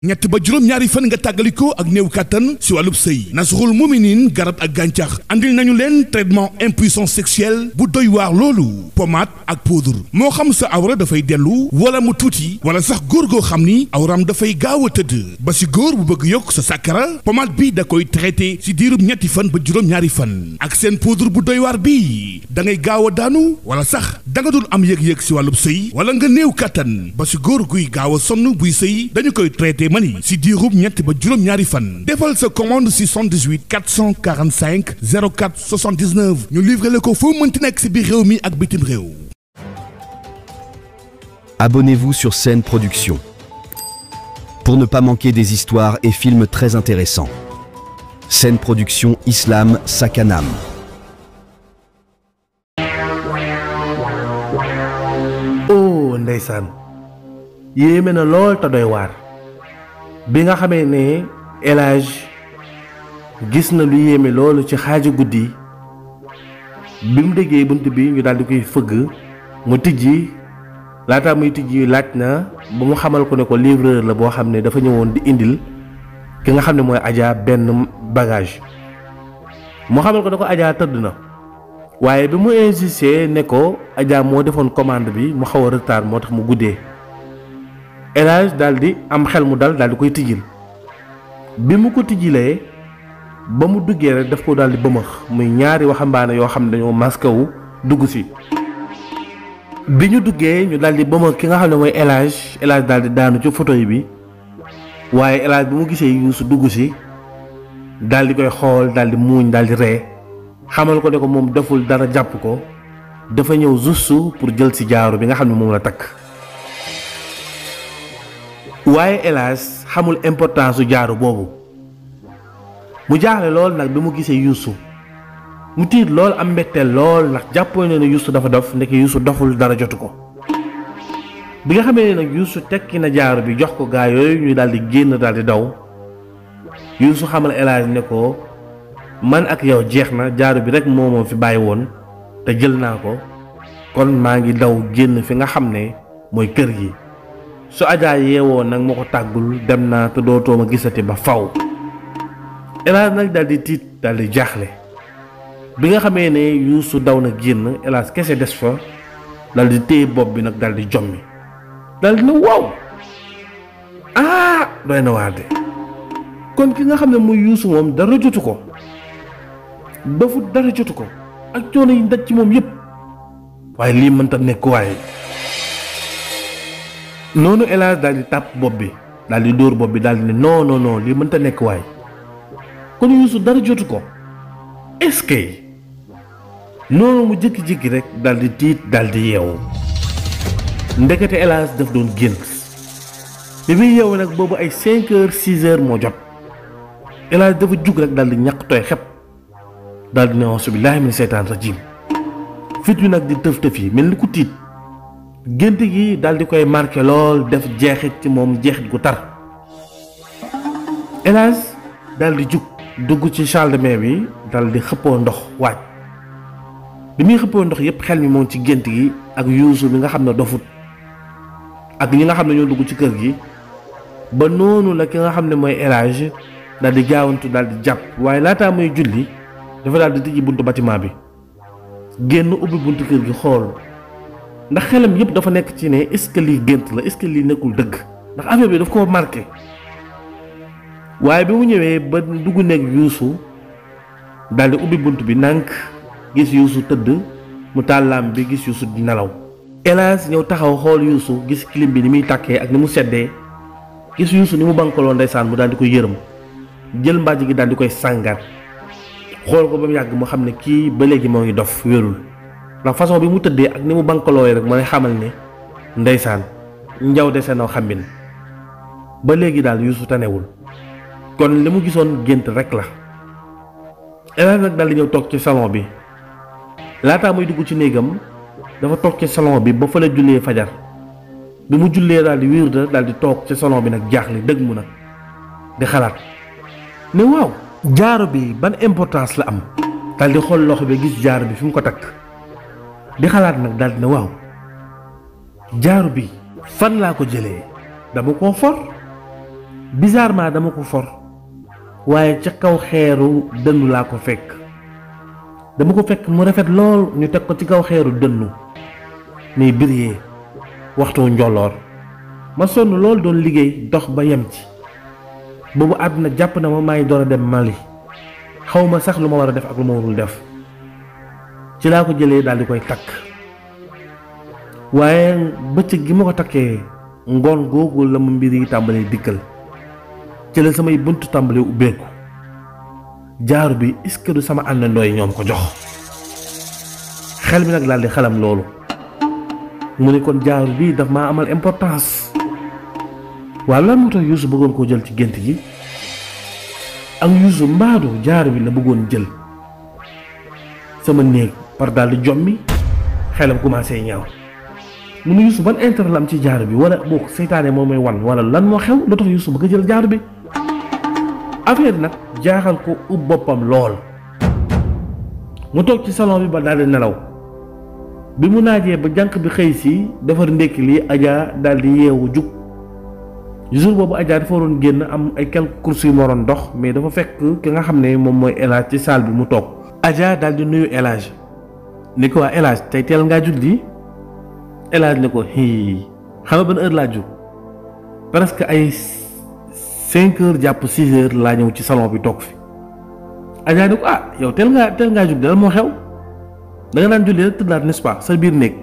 ñett ba juróom ñaari fan nga tàggalikoo ak néew kàttan si wàllub sëy nasaxul niin garab ak gàncax indi nañu leen traitement impuissance sexuelle bu doy waar loolu pommade ak poudre moo xam sa awra dafay dellu walla mu tuuti wala sax góor goo xam ni awram dafay gaaw a tëdd ba si góor bu bëgg yokk sa sàkkara pommade bi da koy traité si diirub ñetti fan ba juróom ñaari fan ak seen poudre bu doy waar bii da ngay gaaw a daanu wala sax da dul am yëg-yëg si wàllub sëy wala nga néew kàttan ba si góor guy gaaw a sonn buy sëy dañu koy traité Si si ba fan sa commande 618 445 04 79 Nous livré le ko foo mënti nekk Abonnez-vous sur Scène Production pour ne pas manquer des histoires et films très intéressants. Scène Production Islam Sakanam. oh ndeysaan na bi nga xamee ne El gis na lu yéeme loolu ci xaaju guddi bi mu déggee bunt bi ñu daal di koy fëgg mu tijji laata muy tijji laaj na ba mu xamal ko ne ko livreur la boo xam ne dafa ñëwoon di indil ki nga xam ne mooy Adja benn bagage mu xamal ko ne ko Adja tëdd na waaye bi mu insisté ne ko ajaa moo defoon commande bi mu xaw a retard moo tax mu guddee. El Hadj daal di am xel mu dal daal di koy tijjil bi mu ko tijjilee ba mu duggee rek daf ko daldi di bëmëx muy ñaari waxambaane yoo xam ne dañoo masque wu dugg si bi ñu duggee ñu daldi di bëmëx ki nga xam ne mooy El Hadj El daal di daanu ci photo bi waaye El Hadj bi mu gisee Youssou dugg si daldi di koy xool daldi muuñ daal di ree xamal ko ne ko moom deful dara jàpp ko dafa ñëw juste pour jël ci jaaru bi nga xam ne moom la takk. waaye hélas xamul importance su jaaru boobu mu jaaxle lool nag bi mu gisee Youssou mu tiit lool am mbetteel lool ndax jàppoo na ne Youssou dafa dof ndeke yuusu doful dara jotu ko bi nga xamee ne nag Youssou tekki na jaaru bi jox ko gaa yooyu ñu daal di génn daal di daw Youssou xamal hélas ne ko man ak yow jeex na jaaru bi rek moo fi bàyyi woon te jël naa ko kon maa ngi daw génn fi nga xam ne mooy kër gi. su Adja yeewoo nag ma ko tàggul dem naa te dootoo ma gisati ba faw El Hadj nag daal di tiit daldi di jaaxle bi nga xamee ne yuusu daw na génn El Hadj kese des fa daal di téye bopp bi nag daal di jommi daal di na waaw ah doy na waar de kon ki nga xam ne muy Youssou moom dara jotu ko dofut dara jotu ko ak coono yi daj ci moom yëpp waaye lii mënta nekk waaye. noonu El Hadj daal di tàpp bopp bi daal di dóor bopp bi daal di ne non non non lii mënta nekk waay kon Youssou dara jotu ko est-ce que noonu mu jëkk jékki rek daal di tiit daal di yeewu ndekete El Hadj doon gént bi muy yeewu nag boobu ay 5 heures moo jot El Hadj dafa jug rek daal di ñàq tooy xep daal di ne auzu billaahi mina seytaani rajiim fit wi nag di tëf tëf yi mel ni ku tiit. gént gi daal di koy marqué lool def jeexit ci moom jeexit gu tar hélas daal di jug dugg ci salle bi daal di xëppoo ndox waaj bi muy xëppoo ndox yépp xel mi moom ci gént gi ak yuusu bi nga xam ne dofut ak ñi nga xam ne ñoo dugg ci kër gi ba noonu la ki nga xam ne mooy élage daal di gaawantu daal di jàpp waaye laataa muy julli dafa daal di tijji buntu bâtiment bi génn ubbi buntu kër gi xool ndax xelam yëpp dafa nekk ci ne est lii gént la est-ce que lii nekkul dëgg ndax affaire bi daf koo marqué waaye bi mu ñëwee ba dugg nekk yuusu daal di ubbi bunt bi nànk gis yuusu tëdd mu tàllaam bi gis yuusu di nelaw hélas ñëw taxaw xool yuusu gis clim bi ni muy tàkkee ak ni mu seddee gis yuusu ni mu bankaloo ndeysaan mu daal di koy yërëm jël mbàjj gi daal di koy sàngar xool ko ba mu yàgg mu xam ne kii ba léegi moo ngi dof wérul ndax façon bi mu tëddee ak ni mu bankalooyee rek ma lay xamal ne ndeysaan njaw dese na xambin ba léegi daal yusu tanewul kon li mu gisoon gént rek la élève nag daal di ñëw toog ci salon bi laataa muy dugg ci néegam dafa toog ci salon bi ba fa la jullee fajar bi mu jullee daal di wirda daal di toog ci salon bi nak jaaxle dëgg mu nag di xalaat ne waaw jaaru bi ban importance la am daal di xool loxo bi gis jaaro bi fi ko takk di xalaat nag daal dina waaw jaaru bi fan laa ko jëlee dama ko for bizarrement dama ko for waaye ca kaw xeeru dënnu laa ko fekk dama ko fekk mu rafet lool ñu teg ko ci kaw xeeru dënnu muy biriyee waxtu njolloor ma sonn lool doon liggéey dox ba yem ci boobu àdduna jàpp na ma maa ngi doon a dem Mali xaw ma sax lu ma war a def ak lu ma warul def ci la ko jele dal di koy takk waaye bëccëg gi mako takke ngon gogol la ma mbir yi tambale dikkel ci la samay jaar bi est-ce sama ande noy ñom ko jox xel bi nak dal di xalam lolu mu ne kon jaar bi daf ma amal importance wala lan moo tax Yuusu bëggoon jël ci gënt gi ak Yuusu mbaadu jaar bi la bëggon jël sama neeg par dal di jommi xelam commencé ñaw mu yusuf ban intérêt lam ci jaar bi wala bok setané moo may wan wala lan mo xew lu tax yusuf bëgg jël jaar bi affaire nak jaaxal ko u bopam lol mu tok ci salon bi ba dal di nelaw bi mu naajee ba jank bi xey si defar ndekki li aja dal di yewu juk yusuf bobu aja dafa waroon genn am ay quelques kursi moron dox mais dafa fekk ki nga xam mom moy elage ci salle bi mu aja dal di nuyu elage niko ko waa El Hadj tey teel ngaa jug lii El Hadj ne ko xam ban heure la jug presque ay 5 heures japp 6 heures la ñew ci salon bi tok fi aja niko ah yow tel nga tel nga jug dal mo xew da nga nan julli rek tëddaat nest pas sa bir nek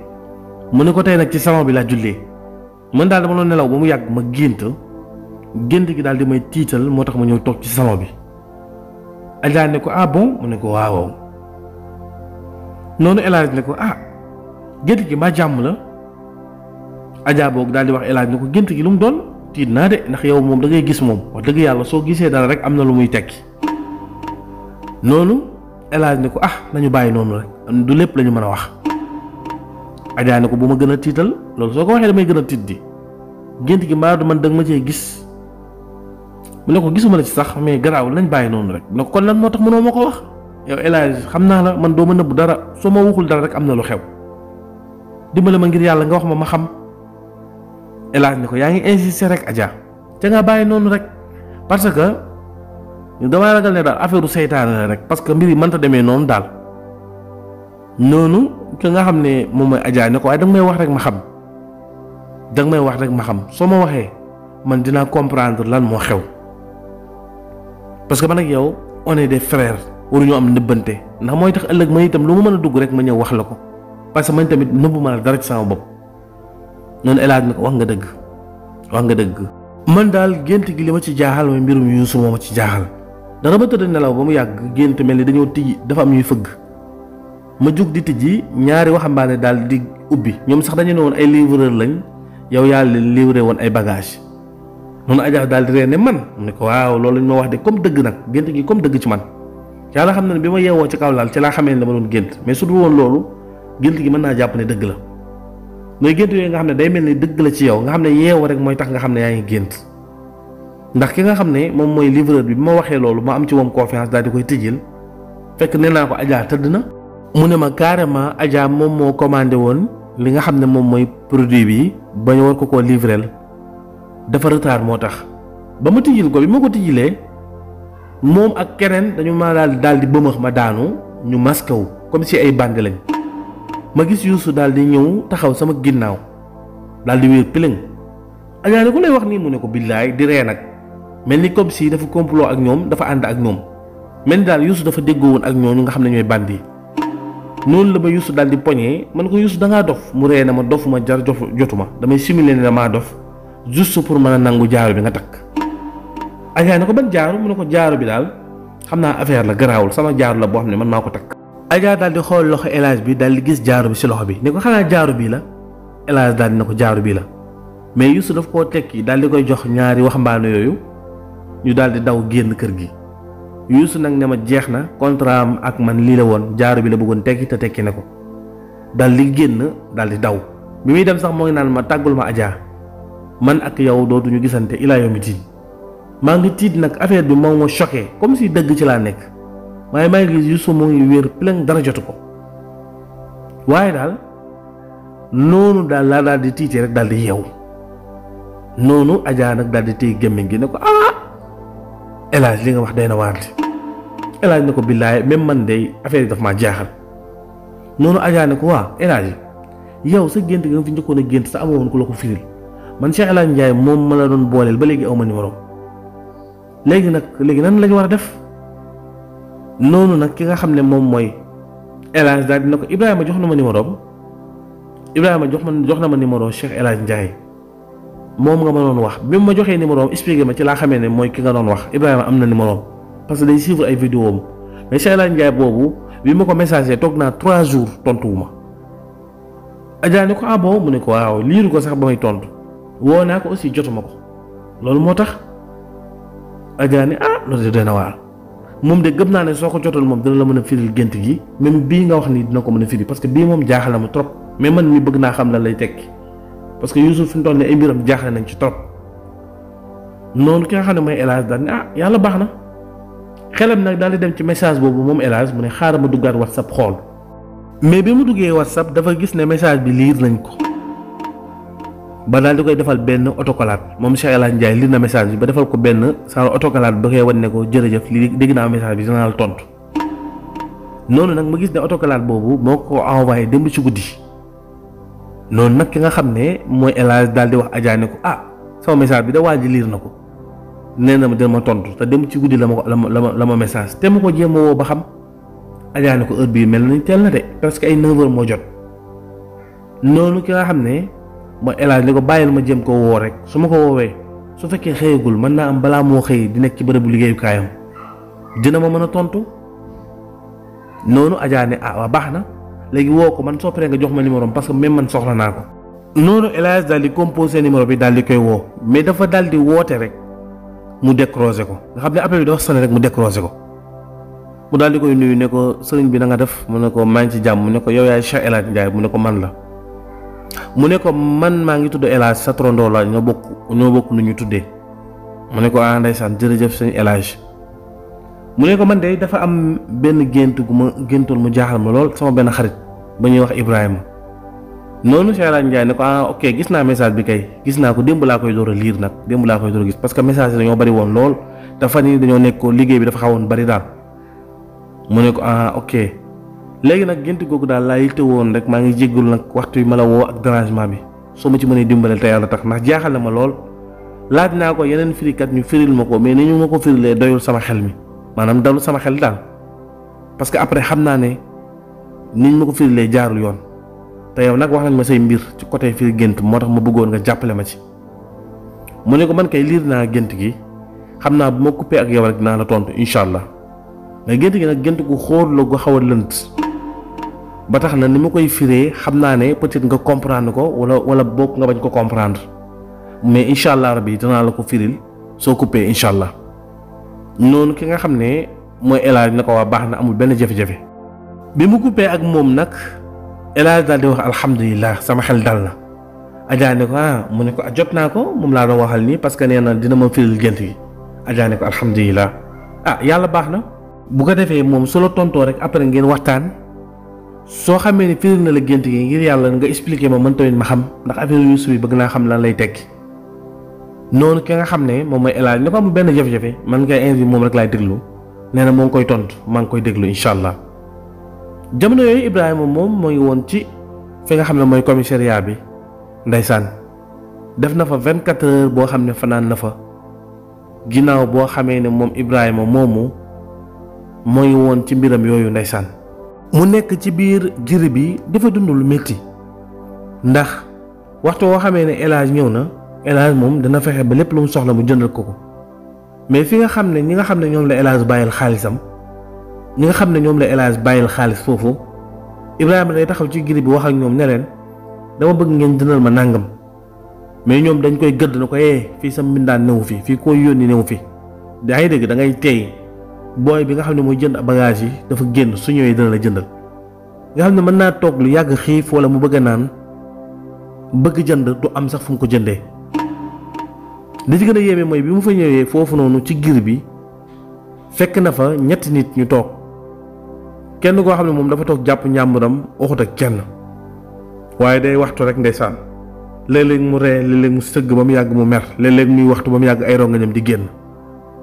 mu niko tay nak ci salon bi la jullee man dal dama lo nelaw ba mu yàgg ma gént gént gi dal di may tital motax ma ñew tok ci salon bi aja niko ah bon mu niko waaw waaw noonu El Hadj ne ko ah gént gi ma jàmm la Adja boog daal di wax El Hadj ko gént gi lu mu doon tiit naa de ndax yow moom dangay gis moom wax dëgg yàlla soo gisee dara rek am na lu muy tekki noonu El Hadj ne ko ah nañu bàyyi noonu rek du lépp lañu mën a wax. Adja ko bu ma gën a tiital loolu soo ko waxee damay gën a tiit di gént gi maa du man da nga ma cee gis mu ne ko gisuma la ci sax mais garaawul nañ bàyyi noonu rek ne ko kon lan moo tax mënoo ma ko yow El xam naa la man doo ma nëbbu dara soo ma waxul dara rek am na lu xew dimbale ma ngir yàlla nga wax ma ma xam El Hadj ko yaa ngi insister rek Adja te nga bàyyi noonu rek parce que damay ragal ne daal affaire u seytaane la rek parce que mbir yi mënta demee noonu daal noonu ki nga xam ne moom mooy Adja ko waaye danga may wax rek ma xam danga may wax rek ma xam soo ma waxee man dinaa comprendre lan moo xew parce que man ak yow on est des waruñoo am nëbbante ndax mooy tax ëllëg man itam lu ma mën a dugg rek ma ñëw wax la ko parce que man tamit nëbbu ma la dara ci sama bopp noonu El Hadj na ko wax nga dëgg wax nga dëgg. man daal gént gi li ma ci jaaxal mooy mbirum Yuusu moo ci jaaxal dara ba tëdd nelaw ba mu yàgg gént mel ni dañoo tijji dafa am ñuy fëgg ma jug di tijji ñaari waxambaane daal di ubbi ñoom sax dañu ne woon ay livreur lañ yow yaa leen livré woon ay bagages. noonu Adja daal di ree ne man mu ko waaw loolu lañ ma wax de comme dëgg nag gént gi comme dëgg ci man. yàlla xam na ne bi ma yeewoo ci kaw laal ci laa xamee ne dama doon gént mais su dul woon loolu gént gi mën naa jàpp ne dëgg la mooy gént yooyu nga xam ne day mel ni dëgg la ci yow nga xam ne yeewu rek mooy tax nga xam ne yaa ngi gént ndax ki nga xam ne moom mooy livreur bi bi ma waxee loolu ma am ci moom confiance daal di koy tijjil fekk nee naa ko Adja tëdd na mu ne ma carrément Adja moom moo commandé woon li nga xam ne moom mooy produit bi ba ñu war ko koo livreel dafa moo tax ba ma tijjil ko bi ma ko tijjilee moom ak keneen dañu ma daal daal di bëmax ma daanu ñu masqué comme si ay bande lañ ma gis yuusu daal di ñëw taxaw sama ginnaaw daal di wéer pilañ ajaane ku lay wax nii mu ne ko di ree nag mel ni comme si dafa complot ak ñoom dafa ànd ak ñoom mel ni daal yuusu dafa déggoo woon ak ñooñu nga xam ne ñooy band noonu la ma yuusu daal di poñee man ko yuusu da ngaa dof mu ree na ma dofuma jar jotuma damay simuler ne ma dof juste pour mën a nangu bi nga takk Adja ne ko ban jaaru mu ne ko jaaru bi daal xam naa affaire la garaawul sama jaaru la boo xam ne man maa ko takk. Adja daal di xool loxo El bi dal di gis jaaru bi si loxo bi ne ko xanaa jaaru bii la El Hadj daal di ne ko jaaru bii la mais Youssou daf koo tekki daal di koy jox ñaari waxambaane yooyu ñu daal di daw génn kër gi Youssou nag ne ma jeex na contrat am ak man lii la woon jaaru bi la bëggoon tekki te tekki na ko daal di génn daal di daw bi muy dem sax moo ngi ma tàggul ma Adja man ak yow dootuñu gisante ilaa yawmi diin maa ngi tiit nag affaire bi moom ma choqué comme si dëgg ci laa nekk waaye maa ngi gis Youssou moo ngi wér plein dara jotu ko waaye daal noonu daal laa daal di tiitee rek daal di yeewu noonu Adja nag daal di téye gémmiñ gi ne ko ah El li nga wax day na waar di El ne ko billaaye même man dey affaire yi daf maa jaaxal noonu Adja ne ko waa El Hadj yow sa gént gi nga fi njëkkoon a gént sa amoon ko la ko firil man Cheikh El Hadj moom ma la doon booleel ba léegi aw ma numéro léegi nag léegi nan lañu ñu war a def noonu nag ki nga xam ne moom mooy El Hadj daal dina ko Ibrahima jox na ma numéro am Ibrahima jox ma jox na ma numéro Cheikh El Hadj moom nga ma doon wax bi ma joxee numéro am expliqué ma ci laa xamee ne mooy ki nga doon wax Ibrahima am na numéro am parce que day suivre ay vidéo am mais Cheikh El Hadj boobu bi ma ko messager toog naa trois jours tontuwuma Adja ni ko ah mu ne ko waaw liiru ko sax ba may tontu woo naa ko aussi jotuma ko Adja ni ah loolu de doy na waar moom de gëm naa ne soo ko jotoon moom dina la mën a firil gént gi même bii nga wax nii dina ko mën a firi parce que bii moom jaaxal ma trop mais man mi bëgg naa xam lan lay tekki parce que Youssouf fi mu ni nii ay mbiram jaaxle nañ ci trop noonu ki xam ne mooy El Hadj daal ne ah yàlla baax na xelam nag daal di dem ci message boobu moom El mu ne xaaral ma duggaat WhatsApp xool mais bi mu duggee WhatsApp dafa gis ne message bi liir nañ ko. ba daal di koy defal benn autocollant moom Cheikh El Hadj Ndiaye li na message bi ba defal ko benn saa autocollant ba koy wan ne ko jërëjëf li dégg naa message bi dinaa la tontu noonu nag ma gis ne autocollant boobu moo ko envoyé démb ci guddi noonu nag ki nga xam ne mooy El Hadj daal di wax ajaane ko ah sama message bi da waa liir na ko nee na ma dina ma tontu te dem ci guddi la ma ko la ma la ma message te ma ko jéem woo ba xam ajaane ko heure bii mel nañ teel na de parce que ay 9 moo jot noonu ma Elhadj ne ko bàyyil ma jëm ko woo rek su ma ko woowee su fekkee xëyagul mën naa am balaa moo xëy di nekk ci bërëbu liggéeyukaayam dina ma mën a tontu noonu Adja ne ah baax na léegi woo ko man soo paree jox ma numéro parce que même man soxla naa ko. noonu Elhadj daal di composé numéro bi daal di koy woo mais dafa daal di woote rek mu décroché ko nga xam ne appel bi dafa sonné rek mu décroché ko mu daal di koy nuyu ne ko sëriñ bi na nga def mu ne ko maa ngi ci jàmm ne ko yow yaay Cheikh Elhadj Ndiaye mu ne ko man la. mu ko man ma ngi tudd El Hadj sa la ñu bokk ñu bokk nu ñu tuddé mu ne ko ah ndaysan jërëjëf sëñ ko man day dafa am ben gentu gu ma gentul mu jaaxal ma lol sama ben xarit ba ñuy wax Ibrahima nonu Cheikh El kisna ne ko ah ok gis na message bi kay gis na ko demb la koy doora lire nak demb la koy doora gis parce que message dañu bari won lol, dafa ni dañu nekk ko liggéey bi dafa xawon bari dal mu ne ko ah ok. léegi nag gént googu daal laay te woon rek maa ngi jéggul nag waxtu bi ma la woo ak dérangement bi soo ma ci mënee dimbale te yàlla tax ndax jaaxal na ma lool laaj naa ko yeneen firikat ñu firil ma ko mais ni ñu ma ko firilee doyul sama xel mi maanaam dalul sama xel daal parce que après xam naa ne ni ñu ma ko firilee jaarul yoon te yow nag wax nañ ma say mbir ci côté firi gént moo tax ma bëggoon nga jàppale ma ci mu ne ko man kay liir naa gént gi xam naa bu ma coupé ak yow rek dinaa la tontu incha allah. mais gént gi nag gént gu xóor la gu xaw a lënt ba tax na ni ma koy firee xam naa ne peut-être nga comprendre ko wala wala bokk nga bañ ko comprendre mais incha allah rabi danaa la ko firil soo coupé incha allah noonu ki nga xam ne mooy Elhadj na ko waa baax na amul benn jafe-jafe bi mu coupé ak moom nag Elhadj daal di wax alhamdulilah sama xel dal na. ajaane ne ko ah mu ne ko ah, jot naa ko moom laa doon waxal nii parce que nee na dina ma firil gént gi Adja ne ah, yàlla baax na. bu ko defee moom su la tontoo rek après ngeen waxtaan soo xamee ne firil na la gént gi ngir yàlla nga expliqué ma man tamit ma xam ndax affaire Yuusuf bi bëgg naa xam lan lay tekki noonu ki nga xam ne moom mooy El ne ko am benn jafe-jafe man ngay invité moom rek lay déglu nee na moo koy tontu maa ngi koy déglu incha allah jamono yooyu Ibrahima moom moo ngi woon ci fi nga xam ne mooy commissariat bi ndeysaan def na fa 24 heures boo xam ne fanaan na fa ginnaaw boo xamee ne moom Ibrahima moomu. mooy woon ci mbiram yooyu ndeysaan mu nekk ci biir jiri bi dafa dund lu métti ndax waxtu woo xamee ne El ñëw na El moom dana fexe ba lépp lu mu soxla mu jëndal ko ko mais fi nga xam ne ñi nga xam ne ñoom la El bàyyil xaalisam ñi nga xam ne ñoom la El bàyyil xaalis foofu Ibrahima day taxaw ci jiri bi wax ak ñoom ne dama bëgg ngeen jëndal ma nàngam mais ñoom dañ koy gëdd na ko yee eh, fii sa mbindaan newu fii fii koo yónni newu fi daa ngi dégg da ngay teey booy bi nga xam ne mooy jënd bagage yi dafa génn su ñëwee dina la jëndal nga xam ne mën naa toog lu yàgg xiif wala mu bëgg a naan bëgg jënd du am sax fu mu ko jëndee li ci gën a yéeme mooy bi mu fa ñëwee foofu noonu ci gir bi fekk na fa ñetti nit ñu toog kenn koo xam ne moom dafa toog jàpp njàmburam waxut ak kenn waaye day waxtu rek ndeysaan léeg-léeg mu ree léeg-léeg mu sëgg ba mu yàgg mu mer léeg-léeg muy waxtu ba mu yàgg ay rongañam di génn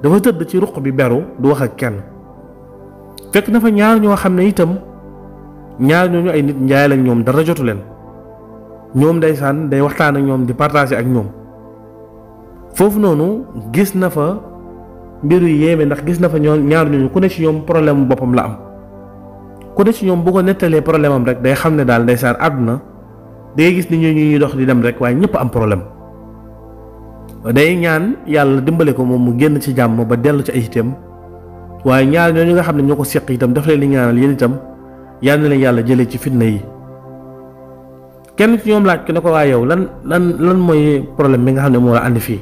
dafa tëdd ci ruq bi beru du wax ak kenn fekk na fa ñaar ñoo xam ne itam ñaar ñooñu ay nit njaay lañ ñoom dara jotu leen ñoom ndeysaan day waxtaan ak ñoom di partager ak ñoom foofu noonu gis na fa mbiru yéeme ndax gis na fa ñoo ñaar ñooñu ku ne ci ñoom problème boppam la am ku ne ci ñoom bu ko nettalee problème am rek day xam ne daal ndeysaan àdduna day gis ni ñoo ñuy dox di dem rek waaye ñëpp am problème day ñaan yalla dimbale ko mom mu génn ci jamm ba déllu ci ay itam waaye ñaar ñoo nga xamné ñoko ñoo itam daf lay li ñaanal yeen itam yalla na yalla jëlé ci fitna yi kenn ci ñoom laaj ko nako way yow lan lan lan moy problème bi nga xamné mo la andi fi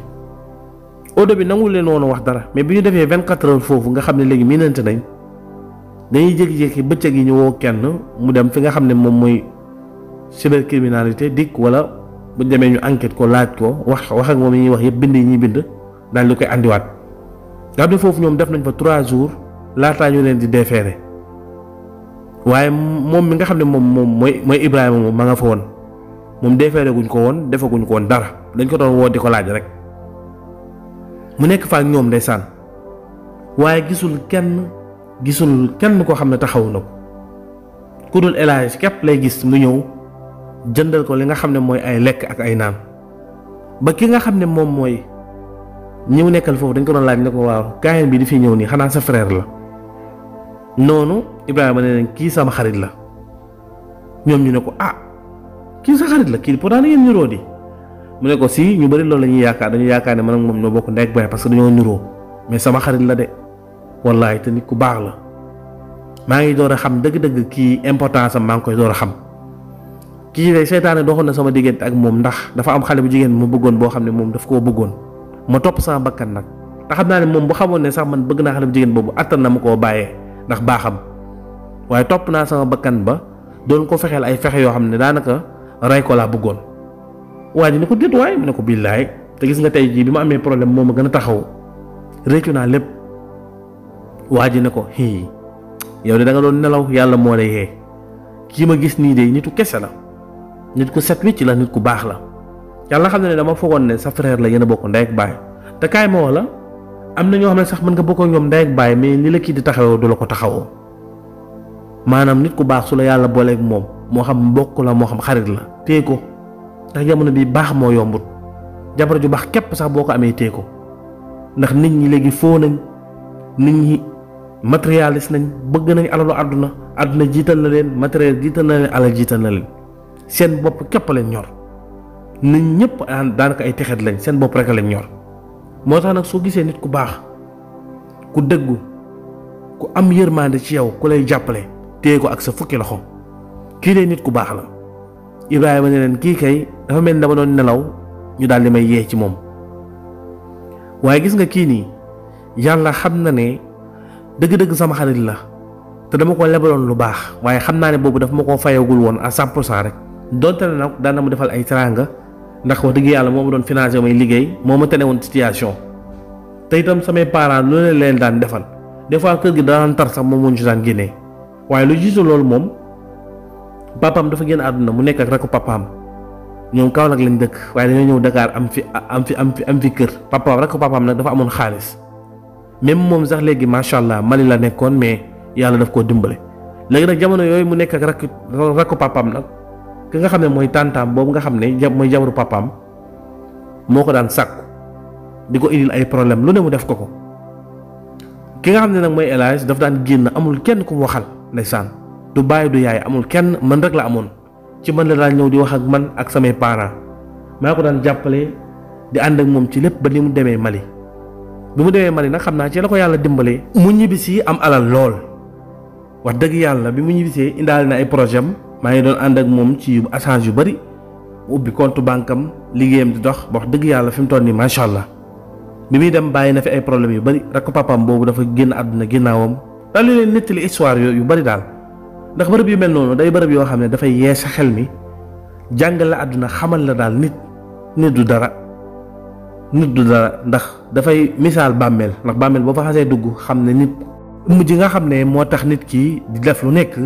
odo bi nangul leen woon wax dara mais biñu défé 24 heures nga xamné légui mi nante nañ dañuy jékki-jékki bëcëg yi ñu wo kenn mu dem fi nga xamné mom moy cybercriminalité dik wala buñ demee ñu enquête ko laaj ko wax wax ak moom yi ñuy wax yëpp bind yi ñuy bind daal di koy indiwaat nga xam ne foofu ñoom def nañ fa trois jours laataa ñu leen di déférer waaye moom mi nga xam ne moom moom mooy mooy Ibrahima moom ma nga fa woon moom déféré guñ ko woon defaguñ ko woon dara dañ ko doon woo di ko laaj rek mu nekk fa ak ñoom sànn waaye gisul kenn gisul kenn koo xam ne taxawu na ko ku dul El képp lay gis mu ñëw. jëndal ko li nga xam ne mooy ay lekk ak ay naan ba ki nga xam ne moom mooy ñëw nekkal foofu dañ ko doon laaj ne ko waaw gaayen bii di fi ñëw nii xanaa sa frère la noonu Ibrahima ne leen kii sama xarit la ñoom ñu ne ko ah kii sa xarit la kii pourtant da ngeen ñuroo di mu ne ko si ñu bari loolu la yaakaar dañu yaakaar ne man ak moom ñoo bokk ndey ak baay parce que dañoo ñuroo mais sama xarit la de wallaay te nit ku baax la maa ngi door a xam dëgg-dëgg kii importance am maa ngi koy door a xam. ki day setané doxon na sama digënt ak mom ndax dafa am xalé bu jigen mu bëggoon bo xamné mom daf ko bëggoon ma top sama bakkan nak. te xamna naa mom bu xamone sax man bëgg na xalé bu jigen bobu attan na ndax baxam waye top na sama bakkan ba doon ko fexel ay fexe yo xamné ne daanaka rey ko la bëggoon waa ni ko dit way mu ne ko billahi te gis nga tay ji bima amé problème moma gëna taxaw réccu na lepp waji ne ko hi yow da nga doon nelaw yalla mo lay gis ni de nitu nit ku set wicci la nit ku bax la yalla xam ne dama fogon ne sa frère la yena bokk nday ak bay te kay mo la am na ñoo sax man nga bokk ñom nday ak bay mais li la ki di taxaw du la ko taxaw manam nit ku bax su la bolé ak mom mo xam mbokk la mo xam xarit la teeku ndax jamono bi bax mo yombut jabar ju bax kep sax boko amé teeku ndax nit ñi legi fo nañ nit ñi matérialiste nañ bëgg nañ alalu aduna aduna jital na leen jital na leen ala jital na leen seen bopp képp leen ñor nañ ñëpp daanaka ay texeet lañ seen bopp rek lañ ñor moo tax nag soo gisee nit ku baax ku dëggu ku am yërmande ci yow ku lay jàppale téye ko ak sa fukki loxo kii dee nit ku baax la Ibrahima ne leen kii kay dafa mel ni dama doon nelaw ñu daal di may yee ci moom waaye gis nga kii nii yàlla xam na ne dëgg-dëgg sama xarit la te dama ko lebaloon lu baax waaye xam naa ne boobu dafa ma ko fayagul woon a 100 saa rek. donte ne nag daan na mu defal ay teraanga ndax wax dëgg yàlla moo ma doon financé may liggéey moo ma tene woon situation te itam samay parents lu ne leen daan defal des fois kër gi daan tar sax moom moo ñu si daan génnee lu jiitu loolu moom papaam dafa génn àdduna mu nekk ak rakku ñoom Kaolack lañ dëkk waaye dañoo ñëw Dakar am fi am fi am fi am fi kër papaam rakku papaam nag dafa amoon xaalis même moom sax léegi macha allah Mali la nekkoon mais yàlla daf koo dimbale léegi nag jamono yooyu mu nekk ak rakku rakku papaam nag. ki nga xam ne mooy tàntaam boobu nga xam ne mooy jabaru papaam moo ko daan sàkku di ko indil ay problème lu ne mu def ko ko ki nga xam ne nag mooy El daf daan génn amul kenn ku mu waxal sànn du bàyyi du yaay amul kenn man rek la amoon ci mën la daan ñëw di wax ak man ak samay parent maa ko daan jàppale di ànd ak moom ci lépp ba ni mu demee Mali bi mu demee Mali nag xam naa ci la ko yàlla dimbale mu ñibbisi am alal lool wax dëgg yàlla bi mu ñibbisee indaale na ay projet am maa doon and ak mom ci assange yu bari ubbi compte bankam am di dox wax deug yalla fim tonni toll allah bi mi dem bàyyi na fi ay problème yu bari rakk papaam bobu dafa genn aduna ginaawam dal li len netti histoire yu bari dal ndax barab yu mel nonu day barab yo xamne ne dafay yee xel mi la aduna xamal la dal nit nit du dara nit du dara ndax fay misal bammel ndax bammel bo fa xasse dugg xamne nit mujj nga xamne nit ki di def lu nek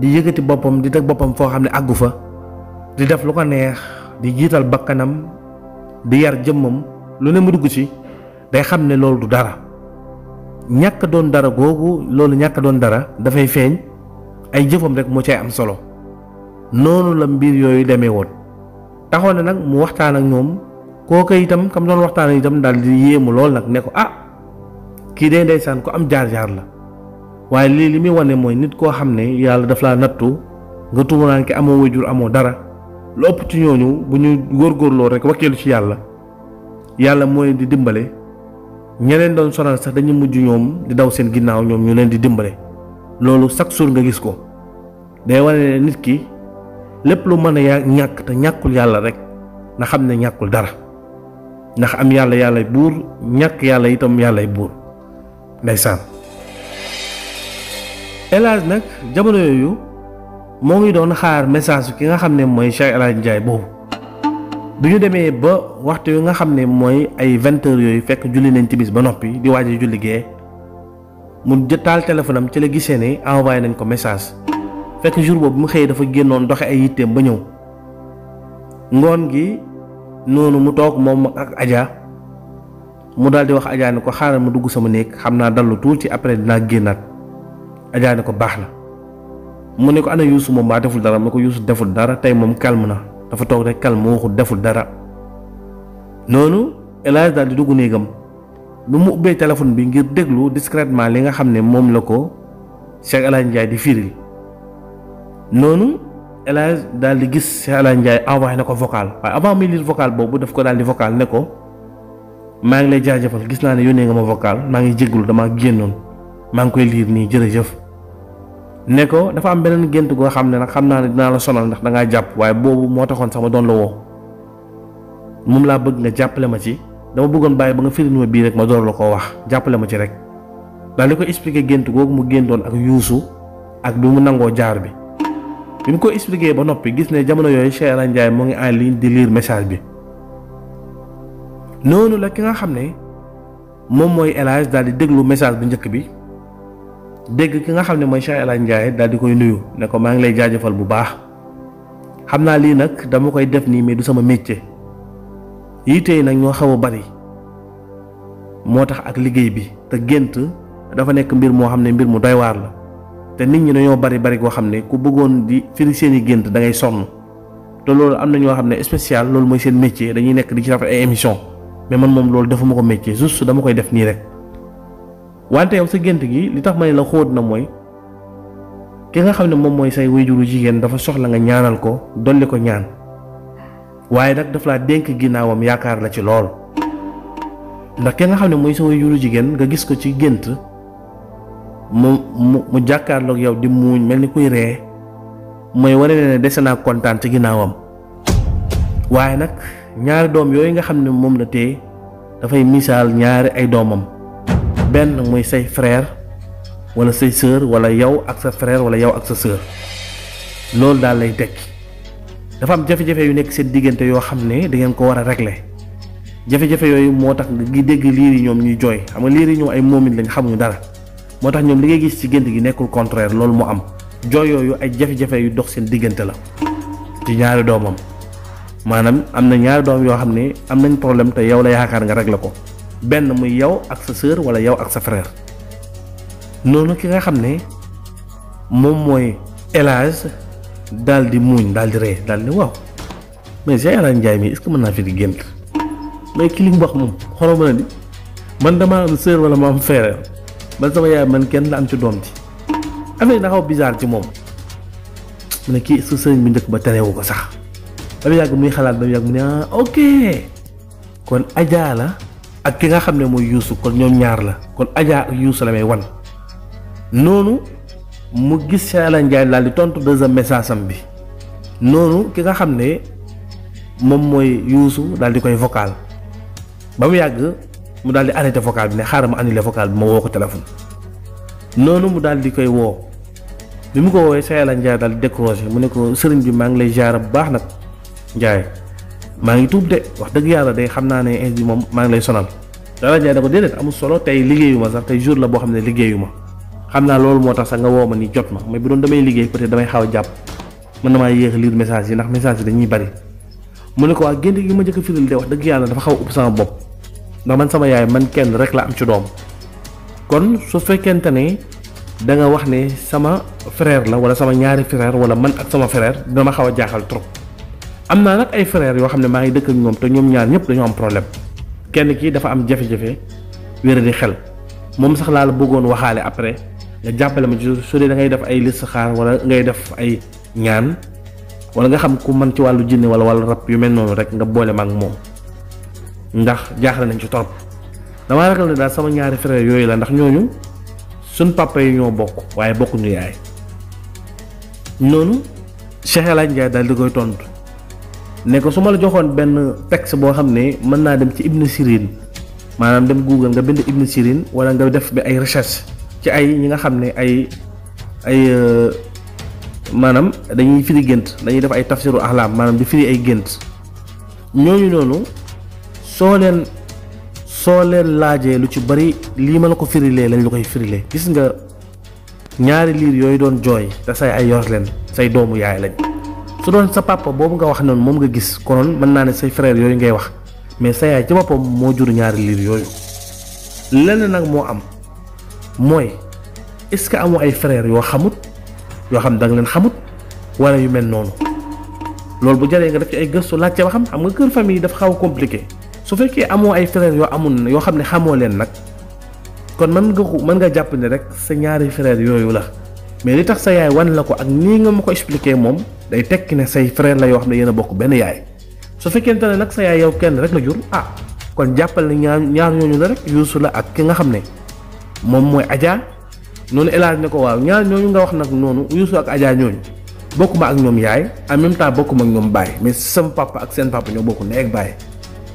di yëkkati boppam di teg boppam foo xam ne àggu fa di def lu ko neex di jiital bakkanam di yar jëmmam lu ne mu dugg ci day xam ne loolu du dara ñàkk doon dara googu loolu ñàkk doon dara dafay feeñ ay jëfam rek moo cay am solo noonu la mbir yooyu demee woon taxoon ne nag mu waxtaan ak ñoom kooka itam kam doon waxtaan tam daal di yéemu lool nag ne ko ah kii day ndeysaan ko am jaar-jaar la waaye lii li muy wane mooy nit koo xam ne yàlla daf laa nattu nga tumuranke amoo wajur amoo dara lu ëpp ci ñooñu bu góor góorgóorloo rek wakkeelu ci yàlla yàlla moo leen di dimbale ña leen doon sonal sax dañu mujj ñoom di daw seen ginnaaw ñoom ñu leen di dimbale loolu chaque jour nga gis ko day wane ne nit ki lépp lu mën a ñàkk te ñàkkul yàlla rek na xam ne ñàkkul dara ndax am yàlla yàllay buur ñàkk yàlla itam yàllay buur ndeysaan El nag jamono yooyu moo ngi doon xaar message ki nga xam ne mooy Cheikh El Hadj boobu bu ñu demee ba waxtu yu nga xam ne mooy ay vingt heures yooyu fekk julli nañ tibis ba noppi di waaj julli gee mu jëtaal téléphone am ci la gisee ne envoyé nañ ko message fekk jour boobu mu xëyee dafa génnoon doxe ay yitteem ba ñëw ngoon gi noonu mu toog moom ak aja mu daal di wax Adja ne ko xaaral ma dugg sama néeg xam naa dallu tuuti après dinaa génnaat. Adja ne ko baax na mu ne ko ana Youssou moom deful dara mu ne deful dara tey moom calme na dafa toog rek calme deful dara noonu El Hadj daal di dugg néegam bi mu ubbee téléphone bi ngir déglu discrètement li nga xam ne moom la ko Cheikh El Hadj Ndiaye di firil noonu El Hadj daal di gis Cheikh El Hadj Ndiaye envoyé ko vocal waaye avant muy lire vocal boobu daf ko daal di vocal ne ko maa ngi lay jaajëfal gis naa ne yónnee nga ma vocal maa ngi jégalu damaa génnoon maa ngi koy lire nii jërëjëf. ne ko dafa am beneen gént goo xam ne nag xam naa ne dinaa la sonal ndax dangaa jàpp waaye boobu moo taxoon sama doon la woo moom laa bëgg nga jàppale ma ci dama bëggoon bàyyi ba nga firil ma bii rek ma door la ko wax jàppale ma ci rek daal di ko expliqué gént googu mu géntoon ak yuusu ak bi mu nangoo jaar bi bi mu ko expliqué ba noppi gis ne jamono yooyu Cheikh Ndiaye mu ngi en ligne di lire message bi noonu la ki nga xam ne moom mooy El Hadj daal di déglu message bu njëkk bi. dégg ki nga xam ne mooy Cheikh El Hadj daal di koy nuyu ne ko maa ngi lay jaajëfal bu baax xam naa lii nag dama koy def nii mais du sama métier yitte yi nag ñoo xaw a bari moo tax ak liggéey bi te gént dafa nekk mbir moo xam ne mbir mu doy waar la te nit ñi dañoo bari bari koo xam ne ku bëggoon di firi seeni gént da ngay sonn te loolu am na ñoo xam ne spécial loolu mooy seen métier dañuy nekk di ci def ay émission mais man moom loolu ma ko métier juste dama koy def nii rek. wante yow sa gént gi li tax ma ne la xóot na mooy ki nga xam ne moom mooy say wayjuru jigéen dafa soxla nga ñaanal ko dolli ko ñaan waaye nag daf dénk ginnaawam yaakaar la ci lool ndax ki xam ne mooy sa wayjuru jigéen nga gis ko ci gént mu mu mu yow di mel ni kuy ree mooy wane dese naa kontaan ci ginnaawam waaye nag ñaari doom yooyu nga xam ne moom la téye dafay misaal ñaari ay doomam benn mooy say frère wala say sœur wala yow ak sa frère wala yow ak sa sœur loolu daal lay tekki dafa am jafe-jafe yu nekk seen diggante yoo xam ne dangeen ko war a regle jafe-jafe yooyu moo tax nga dégg liir yi ñoom ñuy jooy xam nga liir yi ñoom ay moomin lañ xamuñu dara moo tax ñoom li ngay gis ci gént gi nekkul contraire loolu mu am jooy yooyu ay jafe-jafe yu dox seen diggante la ci ñaari doomam maanaam am na ñaari doom yoo xam ne am nañ problème te yow la yaakaar nga régler ko benn muy yow ak sa sœur wala yow ak sa frère noonu ki nga xam ne moom mooy élage dal di muuñ daal di ree daal di waaw mais Général Ndiaye mi est-ce que mën naa fi di gént mais ki li mu wax moom xoolal di man dama am sœur wala ma am frère man sama yaay man kenn la am ci doom ji affaire na xaw bizarre ci moom mu ne kii su sëriñ bi njëkk ba terewu ko sax ba mu yàgg muy xalaat ba mu yàgg mu ne ah ok kon Adja ak ki nga xam ne mooy yuusu kon ñoom ñaar la kon Adja ak yuusu la may wan noonu mu gis Cheikh Alain Ndiaye daal di tontu deuxième message am bi noonu ki nga xam ne moom mooy yuusu daal di koy vocal ba mu yàgg mu daal di arrêté vocal bi ne xaar ma annulé vocal bi ma woo ko téléphone noonu mu daal di koy woo bi mu ko woowee Cheikh Alain Ndiaye daal di décroché mu ne ko sëriñ bi maa ngi lay jaar bu baax nag Ndiaye. maa ngi tuub de wax dëgg yàlla day xam naa ne indi moom maa ngi lay sonal dara jaay da ko déedéet amul solo tey liggéeyu ma sax tey jour la boo xam ne liggéeyu ma xam naa loolu moo tax sax nga woo ma ni jot ma may bu doon damay liggéey peut-être damay xaw a jàpp mën na maa yéex message yi ndax message yi dañuy bari mu ne ko waa gént gi ma jëkk firil de wax dëgg yàlla dafa xaw a ëpp man sama yaay man kenn rek la am ci doom kon su fekkente ne da nga wax ne sama frère la wala sama ñaari frère wala man ak sama frère dama xaw a jaaxal trop am naa nag ay frères yoo xam ne maa ngi dëkk ak ñoom te ñoom ñaar ñëpp dañoo am problème kenn kii dafa am jafe-jafe wér di xel moom sax laa la bëggoon waxaale après nga jàppale ma ci su dee da ngay def ay listixaar wala ngay def ay ñaan wala nga xam ku man ci wàllu jinne wala wàllu rab yu mel noonu rek nga boole ma ak moom ndax jaaxale nañ ci torop damaa ragal ne daal sama ñaari frères yooyu la ndax ñooñu suñ papa yi ñoo bokk waaye bokkuñu yaay noonu Cheikh El Hadj daal di tontu. ne ko suma la joxone ben texte bo xamne ne na dem ci ibn sirin manam dem google nga bind ibn sirin wala nga def be ay recherche ci ay ñi nga xamne ay ay euh, manam dañuy firi gént dañuy def ay tafsiru ahlam manam di firi ay gént ñoñu nonu so len so len laaje lu ci bari li ma la ko le lañ la koy le gis nga ñaari lire yoy doon joy say ay yor len say doomu yaay lañ su doon sa papa boobu nga wax noonu moom nga gis konoon mën naa ne say frère yooyu ngay wax mais sa yaay ci boppam moo jur ñaari liir yooyu lenn nag moo am mooy est-ce que amoo ay frère yoo xamut yoo xam ne nga leen xamut wala yu mel noonu loolu bu jaree nga def ci ay gëstu laajte ba xam xam nga kër yi dafa xaw a compliqué su fekkee amoo ay frère yoo amul yoo xam ne xamoo leen nag kon mën nga mën nga jàpp ne rek sa ñaari frère yooyu la mais li tax sa yaay wan la ko ak nii nga ma ko expliqué moom day tekki ne say frère la yoo xam ne yéen a bokk benn yaay su fekkente ne nag sa yaay yow kenn rek la jur ah kon jàppal na ñaar ñaar ñooñu la rek yuusu la ak ki nga xam ne moom mooy Adja noonu élargi ne ko waaw ñaar ñooñu nga wax nag noonu yuusu ak Adja ñooñu bokkuma ak ñoom yaay en même temps bokkuma ak ñoom baay mais sama papa ak seen papa ñoo bokk ndey ak baay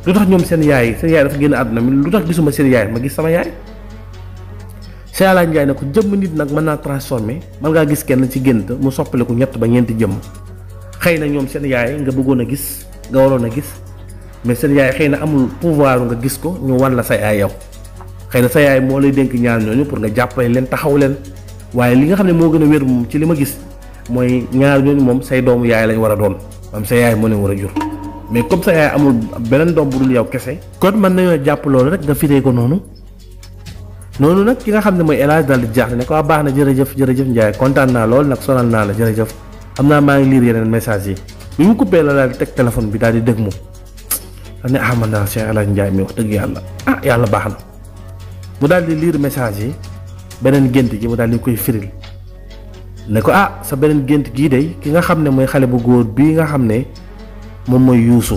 lu tax ñoom seen yaay seen yaay dafa génn àdduna mi lu tax gisuma seen yaay ma gis sama yaay. Seyala Ndiaye ne ko jëmm nit nag mën naa transformé mën ngaa gis kenn ci gént mu soppaliku ñett ba ñeenti jëmm xëy na ñoom seen yaay bëggoon a gis nga a gis mais seen yaay xëy na amul pouvoir nga gis ko ñu wan la sa yaay yow xëy na sa yaay moo lay dénk ñaar ñooñu pour nga jàppale leen taxaw leen waaye li nga xam ne moo gën a wér moom ci li ma gis mooy ñaar ñooñu moom say doomu yaay lañ war a doon am sa yaay moo ne war a jur mais comme sa yaay amul beneen doom bu dul yow kese kon mën nañoo jàpp loolu rek nga firee ko noonu noonu nag ki nga xam ne mooy El Hadj di jaaxle ne ko waa ah, baax na jërëjëf jërëjëf Ndiaye kontaan naa lool nag sonal naa la xam naa maa ngi lire yeneen message yi bi mu coupé la daal teg téléphone bi daal di mu daal ne ah man daal Cheikh El Hadj Ndiaye mi wax dëgg yàlla ah, baax na mu daal di lire message yi beneen gént gi daal di koy firil ne ko ah sa beneen gént gii day ki nga xam ne mooy xale bu góor bii nga xam ne moom mooy yuusu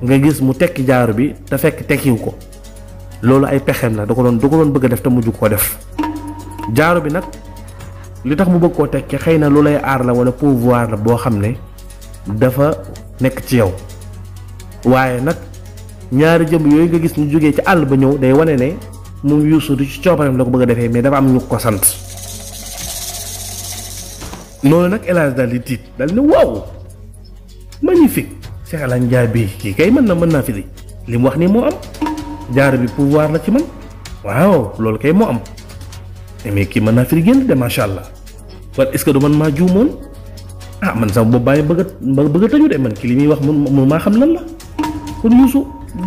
nga gis mu tekki jaaru bi te fekk tekkiw ko. lolu ay pexem la dako don dako don bëgg def ta muju ko def jaaru bi nak li tax mu bëgg ko tekke xëy na lu lay la wala pouvoir la bo xamne dafa nek ci yow waye nak ñaari jëm yoy nga gis ñu joggé ci all ba ñew day wane ne mu yusu du ci coobareem la ko bëgg a mais dafa am ñu ko sant noonu nak elas dal di tit dal ni wow magnifique Cheikh El Hadj ki kay man na man na fi li wax ni mo am jaar bi pouvoir la ci man waaw kan lol kay mo am mais ki mana naa firi de machallah allah est ce que man ma djumon ah man sama bo baye beug beug tañu de man ki limi wax mun ma xam lan la kon yusu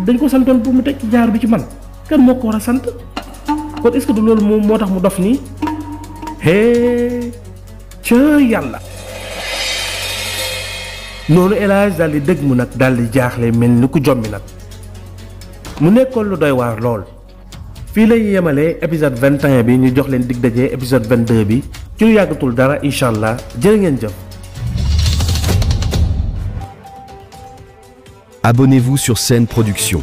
dañ ko santoon pour mu tek jaar ci man kan moko ko sant kon est ce que lol loolu mu dof ni hee ca yalla nonu elage dal di deug mu nak dal di jaxle melni ku jommi nak mu nekkoon lu doy waar lool fii la épisode 21 bi ñu jox leen dig épisode 22 bi ci lu yagatul dara inshallah allah jërë Abonnez-vous sur Scène Production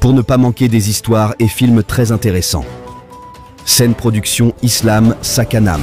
pour ne pas manquer des histoires et films très intéressants. Scène Production Islam Sakanam.